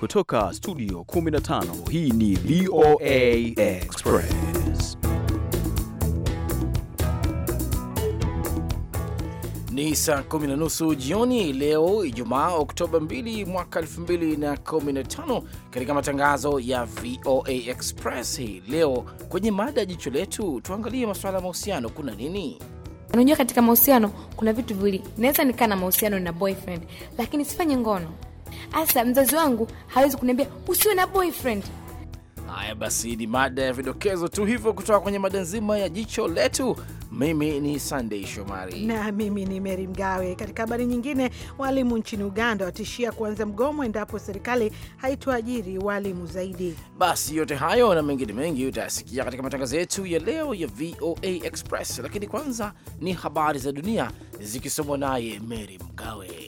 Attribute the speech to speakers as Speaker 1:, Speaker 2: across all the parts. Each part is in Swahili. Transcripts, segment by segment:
Speaker 1: Kutoka studio
Speaker 2: 15 hii ni VOA
Speaker 1: Express.
Speaker 2: Ni saa kumi na nusu jioni leo Ijumaa, Oktoba 2 mwaka 2015. Katika matangazo ya VOA Express hii leo, kwenye mada ya jicho letu, tuangalie masuala ya mahusiano. Kuna nini?
Speaker 3: Unajua, katika mahusiano kuna vitu viwili, naweza nikaa na mahusiano na boyfriend, lakini sifanye ngono Hasa mzazi wangu hawezi kuniambia usiwe na boyfriend.
Speaker 2: Haya basi, ni mada ya vidokezo tu hivyo kutoka kwenye mada nzima ya jicho letu. Mimi ni Sunday Shomari
Speaker 4: na mimi ni Mary Mgawe. Katika habari nyingine, waalimu nchini Uganda watishia kuanza mgomo endapo serikali haitoajiri waalimu
Speaker 2: zaidi. Basi yote hayo na mengine mengi utayasikia katika matangazo yetu ya leo ya VOA Express, lakini kwanza ni habari za dunia zikisomwa naye Mary Mgawe.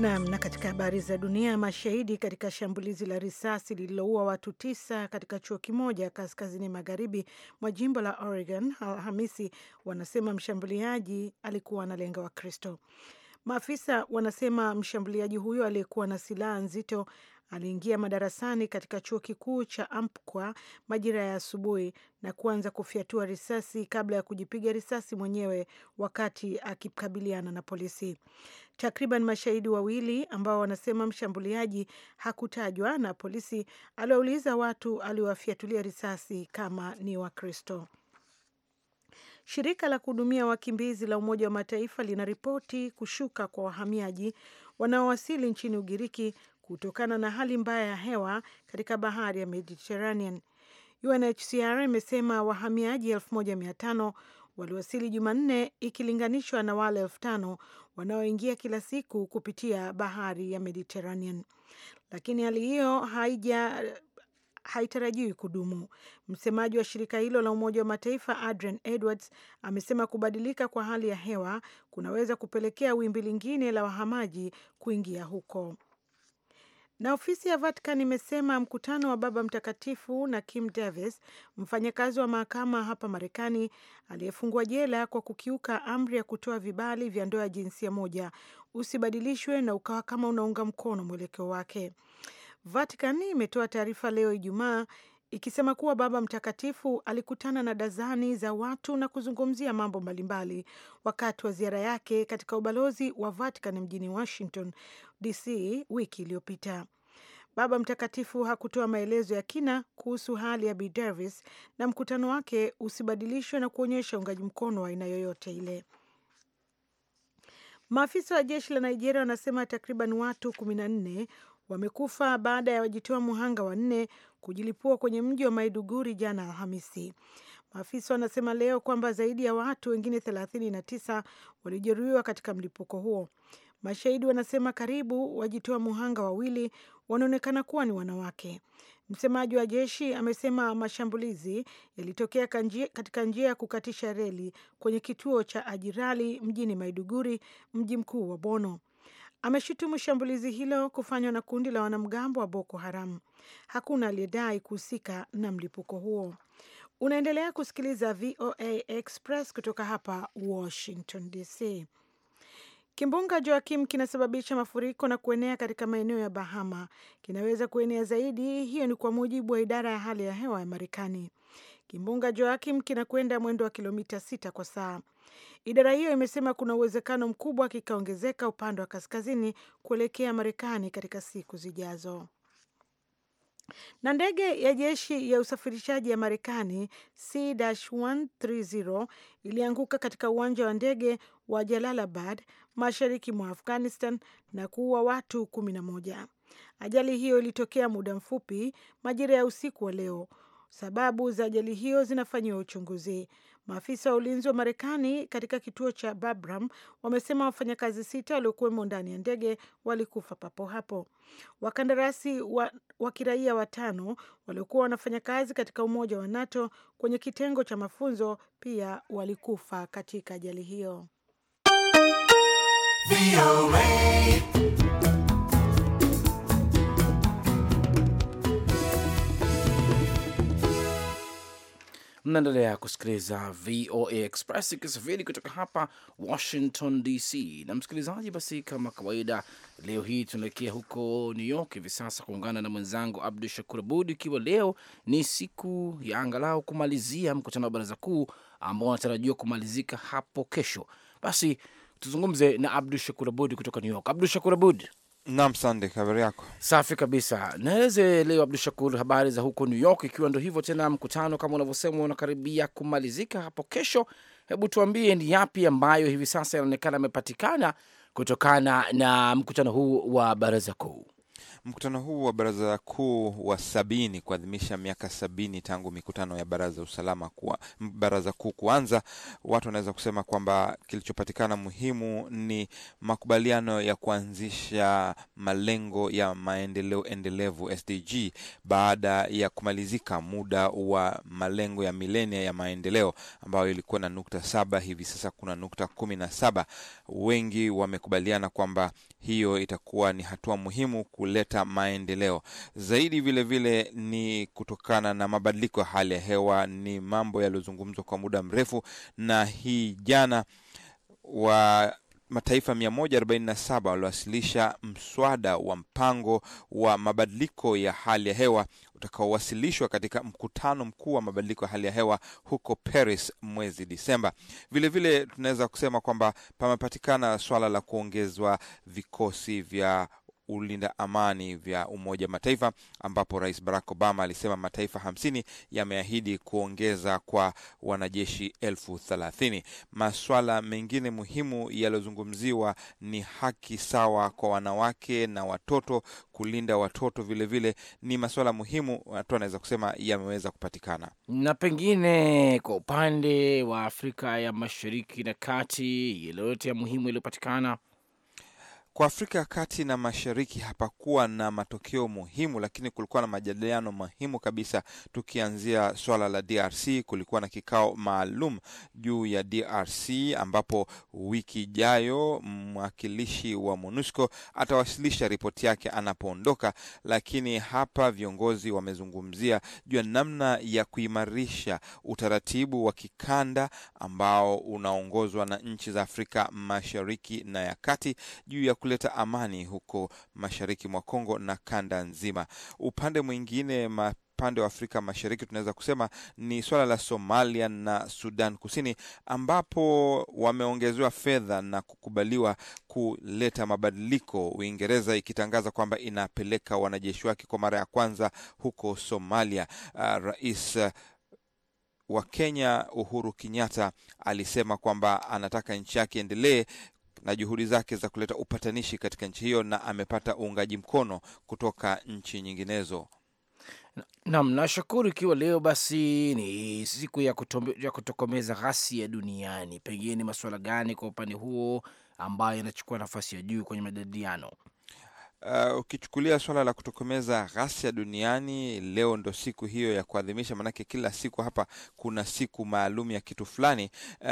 Speaker 4: Naam, na katika habari za dunia, mashahidi katika shambulizi la risasi lililoua watu tisa katika chuo kimoja kaskazini magharibi mwa jimbo la Oregon Alhamisi wanasema mshambuliaji alikuwa analenga Wakristo. Maafisa wanasema mshambuliaji huyo aliyekuwa na silaha nzito Aliingia madarasani katika chuo kikuu cha Ampkwa majira ya asubuhi na kuanza kufyatua risasi kabla ya kujipiga risasi mwenyewe wakati akikabiliana na polisi. Takriban mashahidi wawili ambao wanasema mshambuliaji hakutajwa na polisi aliwauliza watu aliowafyatulia risasi kama ni Wakristo. Shirika la kuhudumia wakimbizi la Umoja wa Mataifa linaripoti kushuka kwa wahamiaji wanaowasili nchini Ugiriki kutokana na hali mbaya ya hewa katika bahari ya Mediterranean. UNHCR imesema wahamiaji 1500 waliwasili Jumanne ikilinganishwa na wale 5000 wanaoingia kila siku kupitia bahari ya Mediterranean, lakini hali hiyo haija haitarajiwi kudumu. Msemaji wa shirika hilo la Umoja wa Mataifa Adrian Edwards amesema kubadilika kwa hali ya hewa kunaweza kupelekea wimbi lingine la wahamaji kuingia huko. Na ofisi ya Vatican imesema mkutano wa Baba Mtakatifu na Kim Davis, mfanyakazi wa mahakama hapa Marekani aliyefungwa jela kwa kukiuka amri ya kutoa vibali vya ndoa ya jinsia moja, usibadilishwe na ukawa kama unaunga mkono mwelekeo wake. Vatican imetoa taarifa leo Ijumaa ikisema kuwa Baba Mtakatifu alikutana na dazani za watu na kuzungumzia mambo mbalimbali wakati wa ziara yake katika ubalozi wa Vatican mjini Washington DC wiki iliyopita. Baba Mtakatifu hakutoa maelezo ya kina kuhusu hali ya Bi Davis na mkutano wake usibadilishwe na kuonyesha uungaji mkono wa aina yoyote ile. Maafisa wa jeshi la Nigeria wanasema takriban watu kumi na nne wamekufa baada ya wajitoa muhanga wanne kujilipua kwenye mji wa Maiduguri jana Alhamisi. Maafisa wanasema leo kwamba zaidi ya watu wengine 39 walijeruhiwa katika mlipuko huo. Mashahidi wanasema karibu wajitoa muhanga wawili wanaonekana kuwa ni wanawake. Msemaji wa jeshi amesema mashambulizi yalitokea katika njia ya kukatisha reli kwenye kituo cha Ajirali mjini Maiduguri, mji mkuu wa Bono ameshutumu shambulizi hilo kufanywa na kundi la wanamgambo wa Boko Haram. Hakuna aliyedai kuhusika na mlipuko huo. Unaendelea kusikiliza VOA Express kutoka hapa Washington DC. Kimbunga Joakim kinasababisha mafuriko na kuenea katika maeneo ya Bahama. Kinaweza kuenea zaidi, hiyo ni kwa mujibu wa idara ya hali ya hewa ya Marekani. Kimbunga Joakim kinakwenda mwendo wa kilomita sita kwa saa. Idara hiyo imesema kuna uwezekano mkubwa kikaongezeka upande wa kaskazini kuelekea Marekani katika siku zijazo. Na ndege ya jeshi ya usafirishaji ya Marekani C-130 ilianguka katika uwanja wa ndege wa Jalalabad mashariki mwa Afghanistan na kuua watu kumi na moja. Ajali hiyo ilitokea muda mfupi majira ya usiku wa leo Sababu za ajali hiyo zinafanyiwa uchunguzi. Maafisa wa ulinzi wa Marekani katika kituo cha babram wamesema wafanyakazi sita waliokuwemo ndani ya ndege walikufa papo hapo. Wakandarasi wa, wa kiraia watano waliokuwa wanafanya kazi katika Umoja wa NATO kwenye kitengo cha mafunzo pia walikufa katika ajali hiyo.
Speaker 2: Mnaendelea kusikiliza VOA Express ikisafiri kutoka hapa Washington DC. Na msikilizaji, basi kama kawaida, leo hii tunaelekea huko New York hivi sasa kuungana na mwenzangu Abdu Shakur Abud, ikiwa leo ni siku ya angalau kumalizia mkutano wa baraza kuu ambao wanatarajiwa kumalizika hapo kesho. Basi tuzungumze na Abdu Shakur Abud kutoka New York. Abdu Shakur Abud. Naam, Sande, habari yako? Safi kabisa. Naeleze leo, Abdu Shakur, habari za huko New York, ikiwa ndo hivyo tena, mkutano kama unavyosema unakaribia kumalizika hapo kesho. Hebu tuambie ni yapi ambayo hivi sasa yanaonekana yamepatikana kutokana na mkutano huu wa baraza kuu?
Speaker 5: Mkutano huu wa Baraza Kuu wa sabini kuadhimisha miaka sabini tangu mikutano ya Baraza Usalama kuwa, Baraza Kuu kuanza, watu wanaweza kusema kwamba kilichopatikana muhimu ni makubaliano ya kuanzisha malengo ya maendeleo endelevu SDG baada ya kumalizika muda wa malengo ya milenia ya maendeleo ambayo ilikuwa na nukta saba, hivi sasa kuna nukta kumi na saba wengi wamekubaliana kwamba hiyo itakuwa ni hatua muhimu kuleta maendeleo zaidi. Vilevile vile ni kutokana na mabadiliko ya hali ya hewa, ni mambo yaliyozungumzwa kwa muda mrefu, na hii jana wa mataifa 147 waliwasilisha mswada wa mpango wa mabadiliko ya hali ya hewa utakaowasilishwa katika mkutano mkuu wa mabadiliko ya hali ya hewa huko Paris mwezi Disemba. Vilevile tunaweza kusema kwamba pamepatikana swala la kuongezwa vikosi vya ulinda amani vya Umoja Mataifa, ambapo Rais Barack Obama alisema mataifa hamsini yameahidi kuongeza kwa wanajeshi elfu thelathini. Maswala mengine muhimu yaliyozungumziwa ni haki sawa kwa wanawake na watoto, kulinda watoto vilevile vile, ni maswala muhimu watu anaweza kusema yameweza kupatikana.
Speaker 2: Na pengine kwa upande wa Afrika ya Mashariki na Kati, yale ya muhimu yaliyopatikana kwa Afrika ya Kati na Mashariki
Speaker 5: hapakuwa na matokeo muhimu, lakini kulikuwa na majadiliano muhimu kabisa. Tukianzia swala la DRC, kulikuwa na kikao maalum juu ya DRC ambapo wiki ijayo mwakilishi wa MONUSCO atawasilisha ripoti yake anapoondoka. Lakini hapa viongozi wamezungumzia juu ya namna ya kuimarisha utaratibu wa kikanda ambao unaongozwa na nchi za Afrika Mashariki na ya Kati juu ya kuleta amani huko mashariki mwa Kongo na kanda nzima. Upande mwingine ma upande wa Afrika Mashariki tunaweza kusema ni swala la Somalia na Sudan Kusini, ambapo wameongezewa fedha na kukubaliwa kuleta mabadiliko, Uingereza ikitangaza kwamba inapeleka wanajeshi wake kwa mara ya kwanza huko Somalia. Uh, rais wa Kenya Uhuru Kenyatta alisema kwamba anataka nchi yake endelee na juhudi zake za kuleta upatanishi katika nchi hiyo, na amepata uungaji mkono kutoka nchi nyinginezo.
Speaker 2: Nam, nashukuru. Ikiwa leo basi ni siku ya, ya kutokomeza ghasia duniani, pengine ni masuala gani kwa upande huo ambayo yanachukua nafasi ya juu kwenye majadiliano? Uh,
Speaker 5: ukichukulia swala la kutokomeza ghasia duniani, leo ndo siku hiyo ya kuadhimisha, maanake kila siku hapa kuna siku maalum ya kitu fulani. Uh,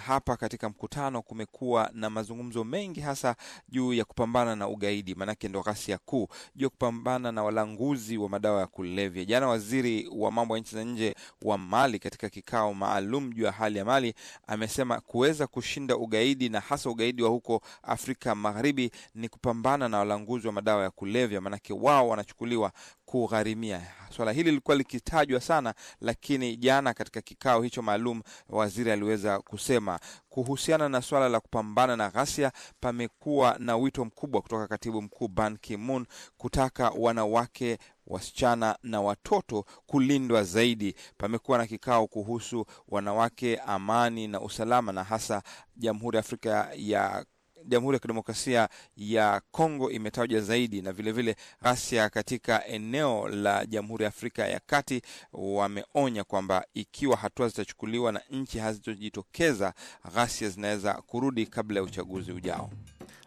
Speaker 5: hapa katika mkutano kumekuwa na mazungumzo mengi, hasa juu ya kupambana na ugaidi, maanake ndo ghasia kuu, juu ya kupambana na walanguzi wa madawa ya kulevya. Jana waziri wa mambo ya nchi za nje wa Mali katika kikao maalum juu ya hali ya Mali amesema kuweza kushinda ugaidi na hasa ugaidi wa huko Afrika Magharibi ni kupambana na walanguzi wa wa madawa ya kulevya, maanake wao wanachukuliwa kugharimia swala hili. Lilikuwa likitajwa sana, lakini jana katika kikao hicho maalum waziri aliweza kusema kuhusiana na swala la kupambana na ghasia. Pamekuwa na wito mkubwa kutoka katibu mkuu Ban Ki-moon kutaka wanawake wasichana na watoto kulindwa zaidi. Pamekuwa na kikao kuhusu wanawake, amani na usalama, na hasa Jamhuri ya Afrika ya Jamhuri ya Kidemokrasia ya Kongo imetajwa zaidi, na vilevile ghasia katika eneo la Jamhuri ya Afrika ya Kati. Wameonya kwamba ikiwa hatua zitachukuliwa na nchi hazitojitokeza, ghasia zinaweza kurudi kabla ya uchaguzi ujao.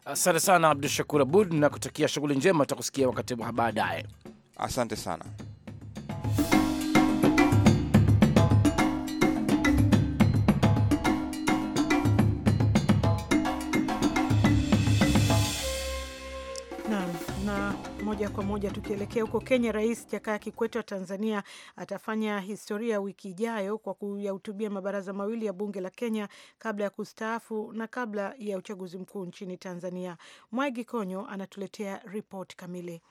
Speaker 2: Asante sana Abdu Shakur Abud, na kutakia shughuli njema. Tutakusikia wakati baadaye. Asante sana.
Speaker 4: moja kwa moja tukielekea huko Kenya, Rais Jakaya Kikwete wa Tanzania atafanya historia wiki ijayo kwa kuyahutubia mabaraza mawili ya bunge la Kenya kabla ya kustaafu na kabla ya uchaguzi mkuu nchini Tanzania. Mwangi Konyo anatuletea ripoti kamili.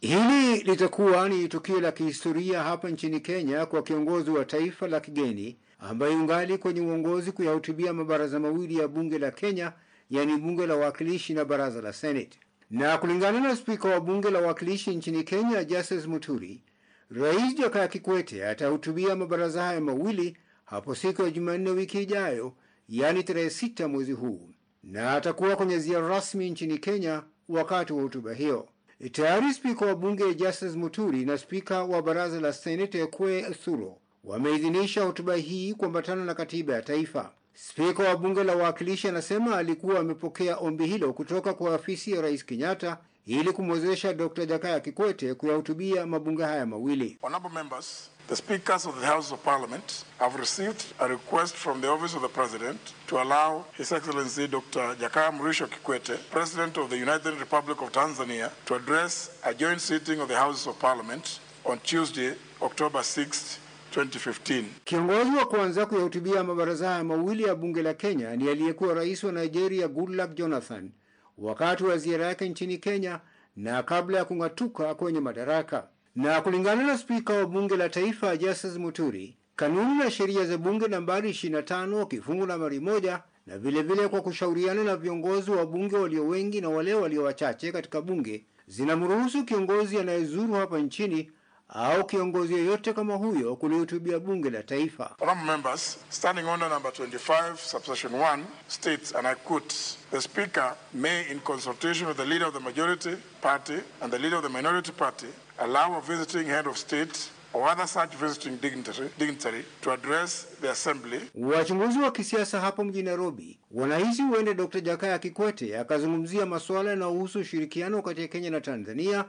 Speaker 6: Hili litakuwa ni tukio la kihistoria hapa nchini Kenya kwa kiongozi wa taifa la kigeni ambaye ungali kwenye uongozi kuyahutubia mabaraza mawili ya bunge la Kenya, yaani bunge la wawakilishi na baraza la Seneti. Na kulingana na spika wa bunge la wawakilishi nchini Kenya Justice Muturi, Rais Jakaya Kikwete atahutubia mabaraza hayo mawili hapo siku ya Jumanne wiki ijayo, yaani tarehe sita mwezi huu, na atakuwa kwenye ziara rasmi nchini Kenya wakati wa hotuba hiyo. Tayari spika wa bunge Justice Muturi na spika wa baraza la seneti Ekwe Suro wameidhinisha hotuba hii kuambatana na katiba ya taifa. Spika wa bunge la wawakilishi anasema alikuwa amepokea ombi hilo kutoka kwa afisi ya Rais Kenyatta ili kumwezesha Dr. Jakaya Kikwete kuyahutubia mabunge haya mawili. Honorable members, the speakers of
Speaker 2: the House of Parliament have received a request from the office of the President to allow His Excellency Dr. Jakaya Mrisho Kikwete, President of the United Republic of Tanzania, to address a joint sitting of the Houses of Parliament on Tuesday, October 6th 2015.
Speaker 6: Kiongozi wa kwanza kuyahutubia mabaraza haya mawili ya bunge la Kenya ni aliyekuwa rais wa Nigeria Goodluck Jonathan wakati wa ziara yake nchini Kenya na kabla ya kung'atuka kwenye madaraka. Na kulingana na spika wa bunge la taifa Justice Muturi, kanuni na sheria za bunge nambari 25 kifungu nambari moja na vilevile vile kwa kushauriana na viongozi wa bunge walio wengi na wale walio wachache katika bunge zinamruhusu kiongozi anayezuru hapa nchini au kiongozi yoyote kama huyo kulihutubia bunge la taifa.
Speaker 2: Honorable members, standing order number 25 subsection 1 states and I quote, the speaker may in consultation with the leader of the majority party and the leader of the minority party allow a visiting head of state or other such visiting dignitary, dignitary to address the assembly.
Speaker 6: Wachunguzi wa kisiasa hapo mjini Nairobi wanahisi huende Dr. Jakaya Kikwete akazungumzia masuala yanayohusu ushirikiano kati ya Kenya na Tanzania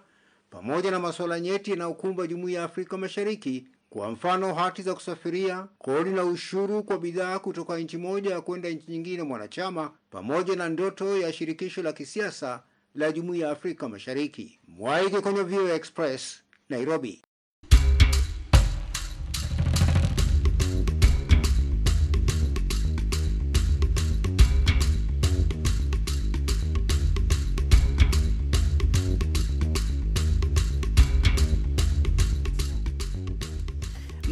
Speaker 6: pamoja na masuala nyeti yanayokumba Jumuiya ya Afrika Mashariki, kwa mfano hati za kusafiria, kodi na ushuru kwa bidhaa kutoka nchi moja kwenda nchi nyingine mwanachama, pamoja na ndoto ya shirikisho la kisiasa la Jumuiya ya Afrika Mashariki. Mwaiki kwenye VOA Express, Nairobi.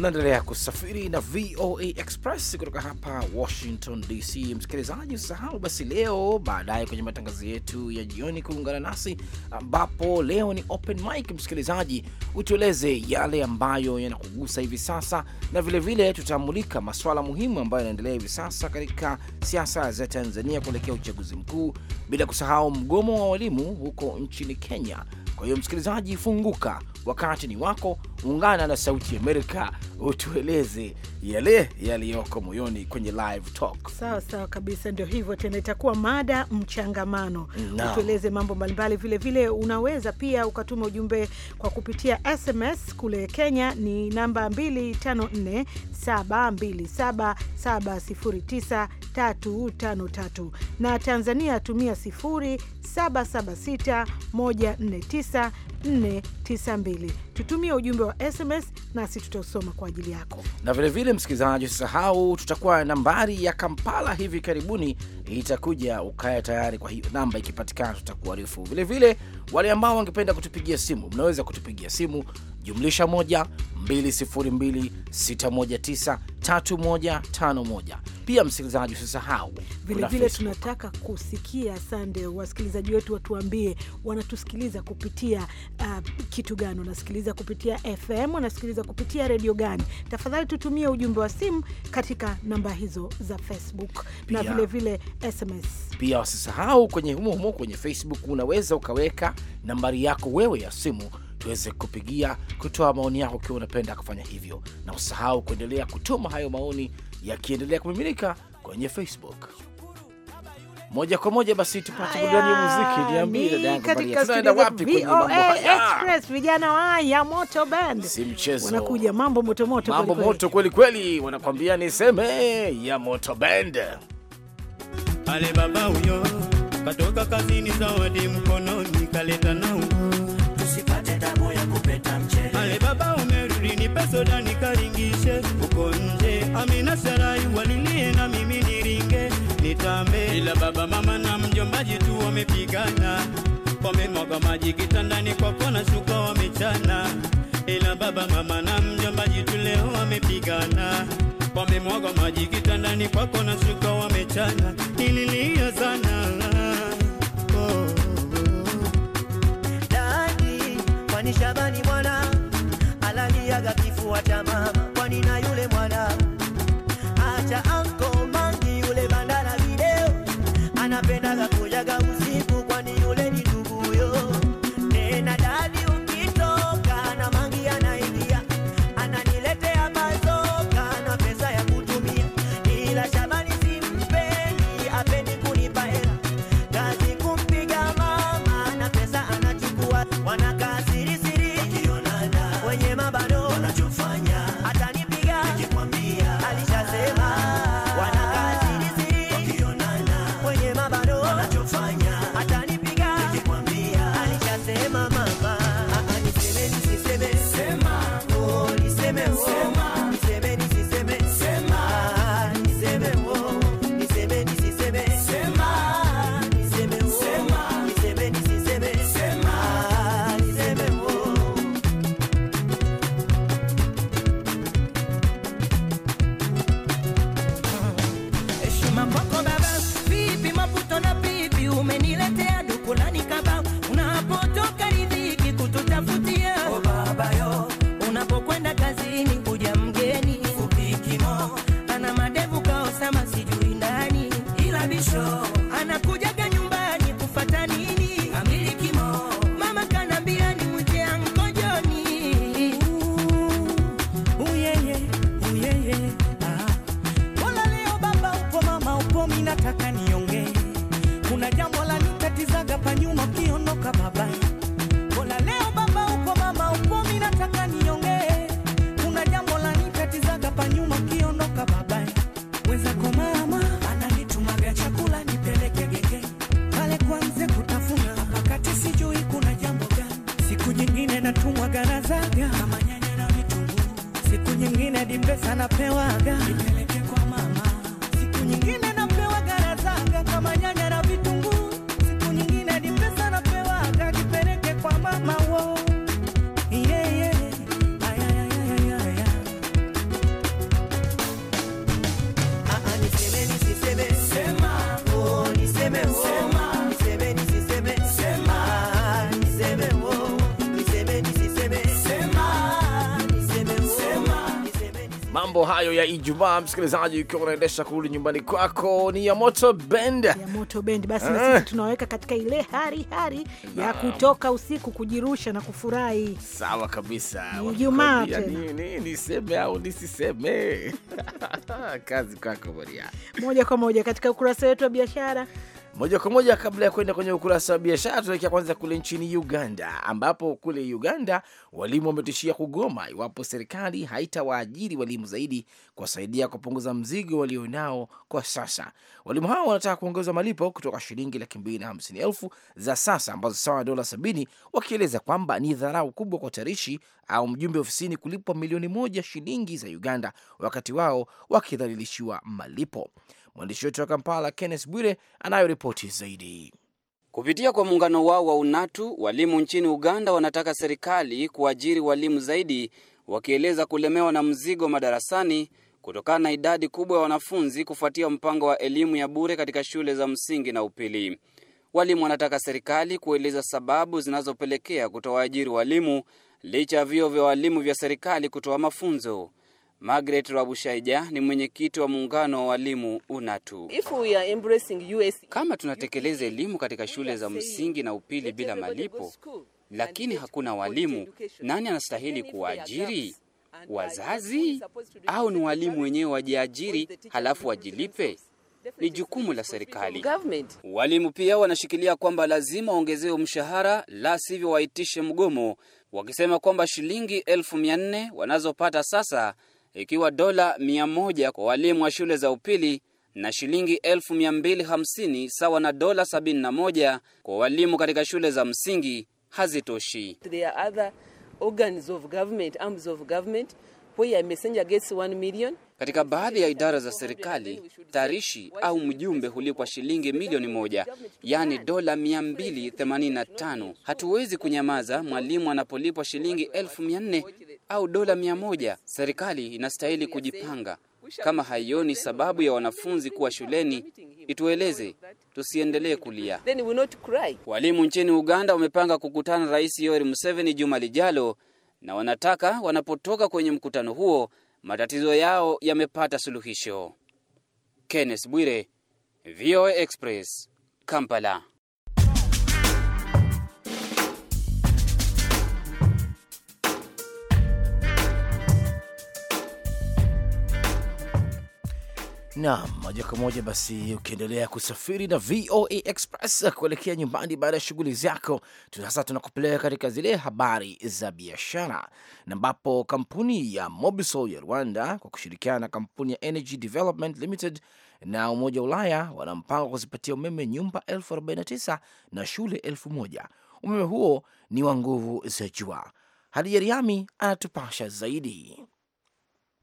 Speaker 2: tunaendelea kusafiri na VOA Express kutoka hapa Washington DC. Msikilizaji, usahau basi leo baadaye kwenye matangazo yetu ya jioni kuungana nasi, ambapo leo ni open mic. Msikilizaji, utueleze yale ambayo yanakugusa hivi sasa, na vilevile tutamulika masuala muhimu ambayo yanaendelea hivi sasa katika siasa za Tanzania kuelekea uchaguzi mkuu, bila kusahau mgomo wa walimu huko nchini Kenya. Kwa hiyo msikilizaji, funguka, wakati ni wako ungana na Sauti Amerika utueleze yale yaliyoko moyoni kwenye live talk.
Speaker 4: Sawa sawa kabisa, ndio hivyo tena, itakuwa mada mchangamano no. Utueleze mambo mbalimbali, vilevile unaweza pia ukatuma ujumbe kwa kupitia SMS kule Kenya ni namba 254727709353 na Tanzania tumia 0776149492 tutumie ujumbe wa SMS nasi tutausoma kwa ajili yako.
Speaker 2: Na vilevile, msikilizaji, usisahau tutakuwa nambari ya Kampala hivi karibuni itakuja, ukaya tayari. Kwa hiyo namba ikipatikana, tutakuarifu vilevile. Wale ambao wangependa kutupigia simu, mnaweza kutupigia simu jumlisha moja 2026193151. Pia msikilizaji, usisahau vilevile,
Speaker 4: tunataka kusikia sande, wasikilizaji wetu watuambie wanatusikiliza kupitia uh, kitu gani wanasikiliza kupitia FM, wanasikiliza kupitia redio gani? Tafadhali tutumie ujumbe wa simu katika namba hizo za Facebook pia, na vilevile vile SMS.
Speaker 2: Pia wasisahau kwenye humohumo kwenye Facebook unaweza ukaweka nambari yako wewe ya simu tuweze kupigia kutoa maoni yako ukiwa unapenda kufanya hivyo, na usahau kuendelea kutuma hayo maoni yakiendelea kumiminika kwenye Facebook. Moja kwa moja basi tupate burudani ya muziki. Niambie dada yangu, tunaenda wapi kwenye mambo haya? Express
Speaker 4: vijana wa ya moto band,
Speaker 2: si mchezo, wanakuja mambo moto moto, mambo moto kweli kweli, wanakwambia niseme ya moto band.
Speaker 6: Ale baba huyo
Speaker 2: katoka kazini, zawadi mkononi kaleta na
Speaker 1: nipe soda nikaringishe uko nje. Amina Sarai walilie na mimi niringe nitambe, ila baba mama na mjombaji tu wamepigana, wamemwaga maji kitandani shuka wamechana, ila baba mama na mjombaji tu leo wamepigana wamemwaga maji kitandani kwako na shuka wamechana, nililia
Speaker 7: sana what mama. One in a
Speaker 2: hayo ya Ijumaa, msikilizaji, ukiwa unaendesha kurudi nyumbani kwako, ni ya moto bend, ya moto bend. Basi na eh. sisi
Speaker 4: tunaweka katika ile hari hari ya kutoka usiku kujirusha na kufurahi.
Speaker 2: Sawa kabisa, Ijumaa nini niseme au nisiseme? kazi kwako Maria.
Speaker 4: Moja kwa moja katika ukurasa wetu wa biashara
Speaker 2: moja kwa moja kabla ya kwenda kwenye ukurasa wa biashara, tunaelekea kwanza kule nchini Uganda, ambapo kule Uganda walimu wametishia kugoma iwapo serikali haitawaajiri walimu zaidi kuwasaidia kupunguza mzigo walionao kwa sasa. Walimu hao wanataka kuongezwa malipo kutoka shilingi laki mbili na hamsini elfu za sasa ambazo sawa na dola sabini, wakieleza kwamba ni dharau kubwa kwa tarishi au mjumbe ofisini kulipwa milioni moja shilingi za Uganda wakati wao wakidhalilishiwa malipo. Mwandishi wetu wa Kampala, Kenneth Bwire, anayoripoti zaidi.
Speaker 1: Kupitia kwa muungano wao wa UNATU, walimu nchini Uganda wanataka serikali kuajiri walimu zaidi, wakieleza kulemewa na mzigo madarasani kutokana na idadi kubwa ya wanafunzi kufuatia mpango wa elimu ya bure katika shule za msingi na upili. Walimu wanataka serikali kueleza sababu zinazopelekea kutowaajiri walimu licha ya vyuo vya walimu vya serikali kutoa mafunzo. Margaret Rwabushaija ni mwenyekiti wa muungano wa walimu UNATU. If we are embracing US... kama tunatekeleza elimu katika shule za msingi na upili bila malipo, lakini hakuna walimu, nani anastahili kuwaajiri? Wazazi au ni walimu wenyewe wajiajiri, halafu wajilipe? Ni jukumu la serikali. Walimu pia wanashikilia kwamba lazima waongezewe mshahara, la sivyo waitishe mgomo, wakisema kwamba shilingi elfu mia nne wanazopata sasa ikiwa dola 100 kwa walimu wa shule za upili na shilingi 1250 sawa na dola 71 kwa walimu katika shule za msingi hazitoshi. Katika baadhi ya idara za serikali tarishi au mjumbe hulipwa shilingi milioni moja, yaani dola 285. Hatuwezi kunyamaza mwalimu anapolipwa shilingi elfu mia nne au dola mia moja. Serikali inastahili kujipanga. Kama haioni sababu ya wanafunzi kuwa shuleni, itueleze tusiendelee kulia. Walimu nchini Uganda wamepanga kukutana Rais Yoweri Museveni juma lijalo, na wanataka wanapotoka kwenye mkutano huo matatizo yao yamepata suluhisho. Kenneth Bwire, VOA Express, Kampala.
Speaker 2: Naam, moja kwa moja basi, ukiendelea kusafiri na VOA Express kuelekea nyumbani baada ya shughuli zako, sasa tunakupeleka katika zile habari za biashara, na ambapo kampuni ya Mobisol ya Rwanda kwa kushirikiana na kampuni ya Energy Development Limited na Umoja wa Ulaya wanampanga kuzipatia umeme nyumba 49 na shule elfu Umeme huo ni wa nguvu za jua. Hadija Riami anatupasha zaidi.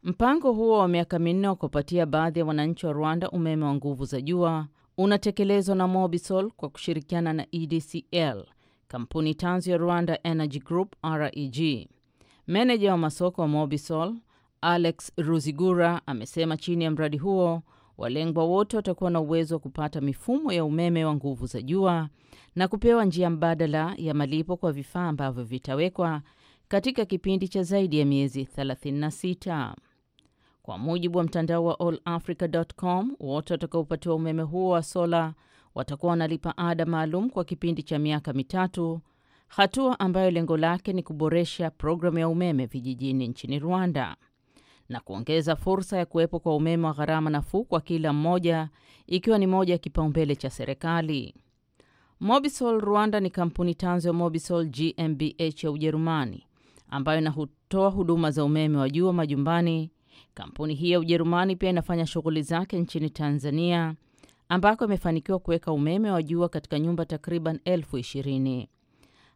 Speaker 8: Mpango huo wa miaka minne wa kuwapatia baadhi ya wananchi wa Rwanda umeme wa nguvu za jua unatekelezwa na Mobisol kwa kushirikiana na EDCL, kampuni tanzu ya Rwanda Energy Group REG. Meneja wa masoko wa Mobisol Alex Ruzigura amesema chini ya mradi huo walengwa wote watakuwa na uwezo wa kupata mifumo ya umeme wa nguvu za jua na kupewa njia mbadala ya malipo kwa vifaa ambavyo vitawekwa katika kipindi cha zaidi ya miezi 36. Kwa mujibu wa mtandao wa allafrica.com, wote watakaopatiwa umeme huo wa sola watakuwa wanalipa ada maalum kwa kipindi cha miaka mitatu, hatua ambayo lengo lake ni kuboresha programu ya umeme vijijini nchini Rwanda na kuongeza fursa ya kuwepo kwa umeme wa gharama nafuu kwa kila mmoja, ikiwa ni moja ya kipaumbele cha serikali. Mobisol Rwanda ni kampuni tanzo ya Mobisol GmbH ya Ujerumani ambayo inatoa huduma za umeme wa juu wa majumbani Kampuni hii ya Ujerumani pia inafanya shughuli zake nchini Tanzania ambako imefanikiwa kuweka umeme wa jua katika nyumba takriban elfu ishirini.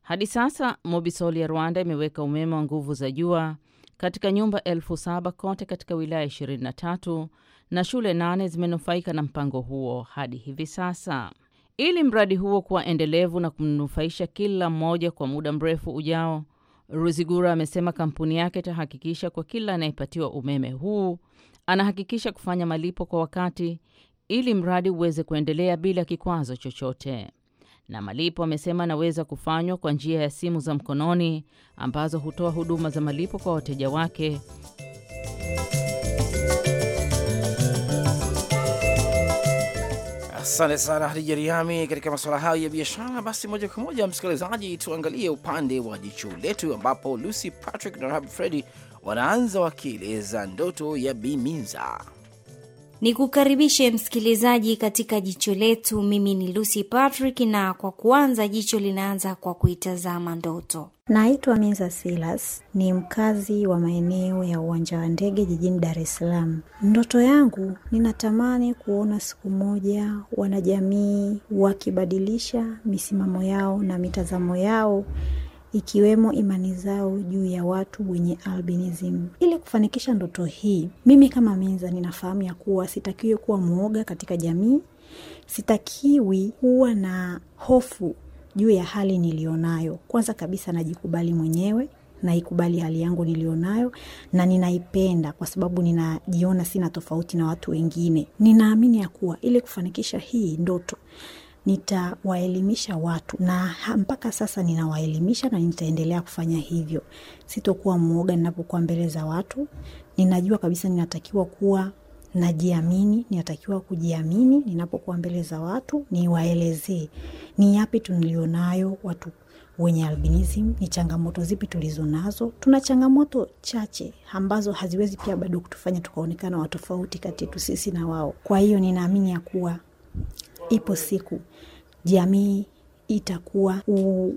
Speaker 8: Hadi sasa Mobisol ya Rwanda imeweka umeme wa nguvu za jua katika nyumba elfu saba kote katika wilaya 23 na shule nane zimenufaika na mpango huo hadi hivi sasa. Ili mradi huo kuwa endelevu na kumnufaisha kila mmoja kwa muda mrefu ujao, Ruzigura amesema kampuni yake itahakikisha kwa kila anayepatiwa umeme huu anahakikisha kufanya malipo kwa wakati ili mradi uweze kuendelea bila kikwazo chochote. Na malipo amesema anaweza kufanywa kwa njia ya simu za mkononi ambazo hutoa huduma za malipo kwa wateja wake. Asante sana
Speaker 2: Hadija Riami katika masuala hayo ya biashara. Basi moja kwa moja, msikilizaji, tuangalie upande wa jicho letu, ambapo Lucy Patrick na Rahab Fredi wanaanza wakieleza ndoto ya
Speaker 7: Biminza. Ni kukaribishe msikilizaji katika jicho letu. Mimi ni Lucy Patrick, na kwa kuanza jicho linaanza kwa kuitazama ndoto. Naitwa Minza Silas, ni mkazi wa maeneo ya uwanja wa ndege jijini Dar es Salaam. Ndoto yangu ninatamani kuona siku moja wanajamii wakibadilisha misimamo yao na mitazamo yao ikiwemo imani zao juu ya watu wenye albinism. Ili kufanikisha ndoto hii, mimi kama Minza ninafahamu ya kuwa sitakiwi kuwa mwoga katika jamii, sitakiwi kuwa na hofu juu ya hali nilionayo. Kwanza kabisa najikubali mwenyewe naikubali hali yangu nilionayo na ninaipenda kwa sababu ninajiona sina tofauti na watu wengine. Ninaamini ya kuwa ili kufanikisha hii ndoto nitawaelimisha watu na mpaka sasa ninawaelimisha na nitaendelea kufanya hivyo. Sitokuwa mwoga ninapokuwa mbele za watu. Ninajua kabisa ninatakiwa kuwa najiamini, ninatakiwa kujiamini ninapokuwa mbele za watu, niwaelezee ni yapi tulionayo watu wenye albinism, ni changamoto zipi tulizo nazo. Tuna changamoto chache ambazo haziwezi pia bado kutufanya tukaonekana watofauti kati yetu sisi na wao. Kwa hiyo ninaamini ya kuwa ipo siku jamii itakuwa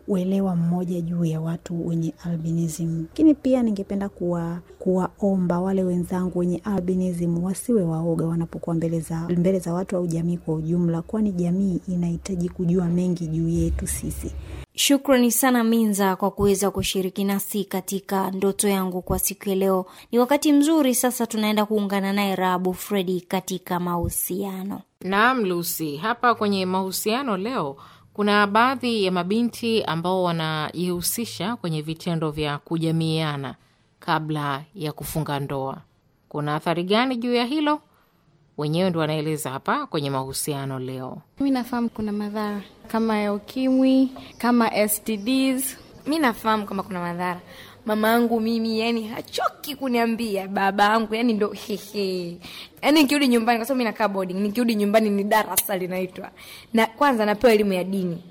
Speaker 7: uelewa mmoja juu ya watu wenye albinism. Lakini pia ningependa kuwa kuwaomba wale wenzangu wenye albinism wasiwe waoga wanapokuwa mbele za mbele za watu au jamii kwa ujumla, kwani jamii inahitaji kujua mengi juu yetu sisi. Shukrani sana Minza kwa kuweza kushiriki nasi katika ndoto yangu kwa siku ya leo. Ni wakati mzuri sasa, tunaenda kuungana naye Rahabu Fredi katika mahusiano. Naam Lucy, hapa kwenye
Speaker 8: mahusiano leo kuna baadhi ya mabinti ambao wanajihusisha kwenye vitendo vya kujamiiana kabla ya kufunga ndoa. Kuna athari gani juu ya hilo? Wenyewe ndo wanaeleza hapa kwenye mahusiano leo.
Speaker 7: Mi nafahamu
Speaker 3: kuna madhara kama ya ukimwi, kama STDs. Mi nafahamu kama kuna madhara mama yangu mimi yani hachoki kuniambia, baba yangu yani ndo hehe. Yani nikirudi nyumbani, kwa sababu mimi nakaa boarding, nikirudi nyumbani ni darasa linaitwa, na kwanza napewa elimu ya dini.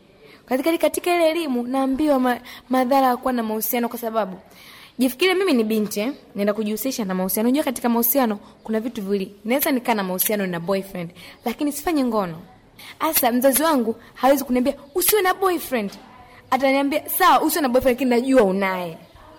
Speaker 3: Katika katika ile elimu naambiwa ma, madhara ya kuwa na mahusiano, kwa sababu jifikiri mimi ni binti eh, naenda kujihusisha na mahusiano. Unajua katika mahusiano kuna vitu viwili, naweza nikaa na mahusiano na boyfriend, lakini sifanye ngono. hasa mzazi wangu hawezi kuniambia usiwe na boyfriend, ataniambia sawa, usiwe na boyfriend, lakini najua unaye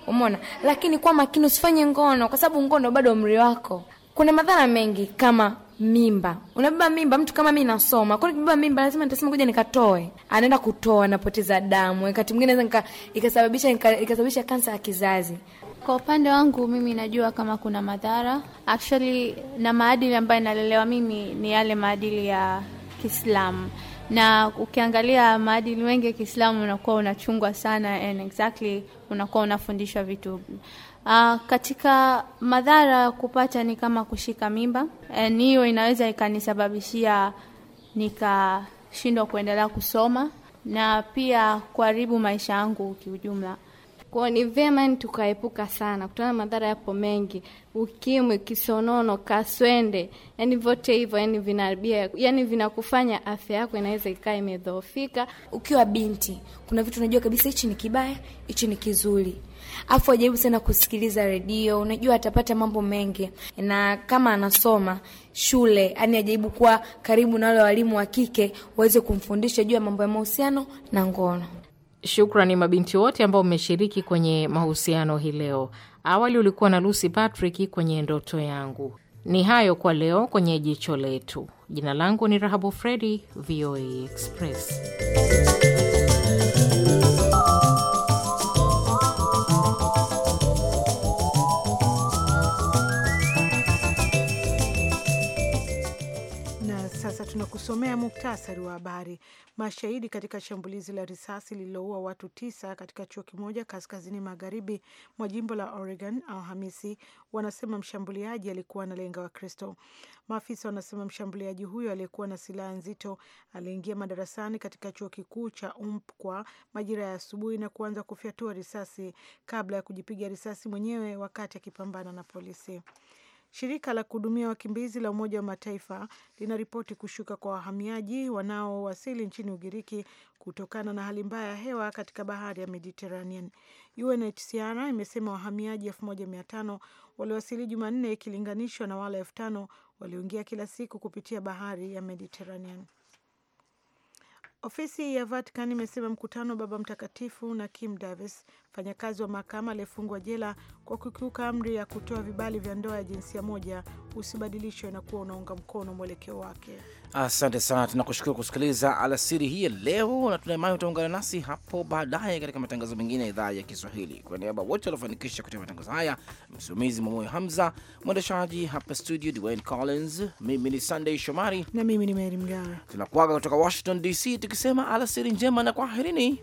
Speaker 3: Umeona? Lakini kwa makini usifanye ngono kwa sababu ngono bado umri wako. Kuna madhara mengi kama mimba. Unabeba mimba, mtu kama mimi nasoma. Kwa nibeba mimba lazima nitasema kuja nikatoe. Anaenda kutoa, napoteza damu. Wakati mwingine naweza ikasababisha ikasababisha kansa ya kizazi.
Speaker 8: Kwa upande wangu mimi najua kama kuna madhara. Actually na maadili ambayo nalelewa mimi ni yale maadili ya Kiislamu na ukiangalia maadili mengi ya Kiislamu unakuwa unachungwa sana and exactly unakuwa unafundishwa vitu Uh, katika madhara ya kupata ni kama kushika mimba, and hiyo inaweza ikanisababishia nikashindwa kuendelea kusoma na pia kuharibu maisha yangu kiujumla. Kwao ni vyema ni tukaepuka sana, kutana madhara yapo mengi, ukimwi, kisonono,
Speaker 3: kaswende, yani vyote hivyo yani vinaharibia, yani vinakufanya afya yako inaweza ikaa imedhoofika. Ukiwa binti, kuna vitu unajua kabisa hichi ni kibaya, hichi ni kizuri afu ajaribu sana kusikiliza redio, unajua atapata mambo mengi, na kama anasoma shule, yani ajaribu kuwa karibu na wale walimu wa kike waweze kumfundisha juu ya mambo ya mahusiano
Speaker 8: na ngono. Shukrani mabinti wote ambao mmeshiriki kwenye mahusiano hii leo. Awali ulikuwa na Lucy Patrick kwenye ndoto yangu. Ni hayo kwa leo kwenye jicho letu. Jina langu ni Rahabu Fredi, VOA Express.
Speaker 4: kusomea muktasari wa habari. Mashahidi katika shambulizi la risasi lililoua watu tisa katika chuo kimoja kaskazini magharibi mwa jimbo la Oregon Alhamisi wanasema mshambuliaji alikuwa analenga Wakristo. Maafisa wanasema mshambuliaji huyo aliyekuwa na silaha nzito aliingia madarasani katika chuo kikuu cha Umpqua majira ya asubuhi na kuanza kufyatua risasi kabla ya kujipiga risasi mwenyewe wakati akipambana na polisi. Shirika la kuhudumia wakimbizi la Umoja wa Mataifa linaripoti kushuka kwa wahamiaji wanaowasili nchini Ugiriki kutokana na hali mbaya ya hewa katika bahari ya Mediterranean. UNHCR imesema wahamiaji 1500 waliwasili Jumanne ikilinganishwa na wale 5000 walioingia kila siku kupitia bahari ya Mediterranean. Ofisi ya Vatican imesema mkutano wa Baba Mtakatifu na Kim Davis Mfanyakazi wa mahakama aliyefungwa jela kwa kukiuka amri ya kutoa vibali vya ndoa ya jinsia moja usibadilishwe na kuwa unaunga mkono mwelekeo wake.
Speaker 2: Asante sana, tunakushukuru kusikiliza alasiri hii leo, na tunaimani utaungana nasi hapo baadaye katika matangazo mengine ya idhaa ya Kiswahili. Kwa niaba wote waliofanikisha kutia matangazo haya, msimamizi Mwamoyo Hamza, mwendeshaji hapa studio Dwayne Collins, mimi ni Sunday Shomari
Speaker 4: na mimi ni Meri Mgawe,
Speaker 2: tunakuaga kutoka Washington DC tukisema alasiri njema na kwaherini.